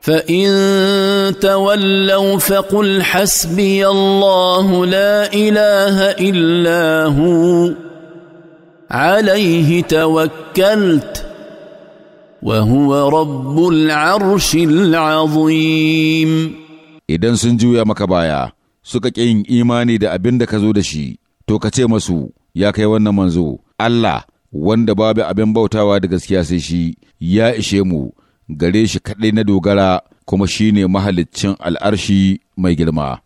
فان تولوا فقل حسبي الله لا اله الا هو عليه توكلت وهو رب العرش العظيم idan sun juya maka baya suka ƙi yin imani da abin da ka zo da shi to ka ce masu ya kai wannan manzo Allah wanda babu abin bautawa da gaskiya sai shi ya ishe mu gare shi kaɗai na dogara kuma shi ne mahaliccin al'arshi mai girma.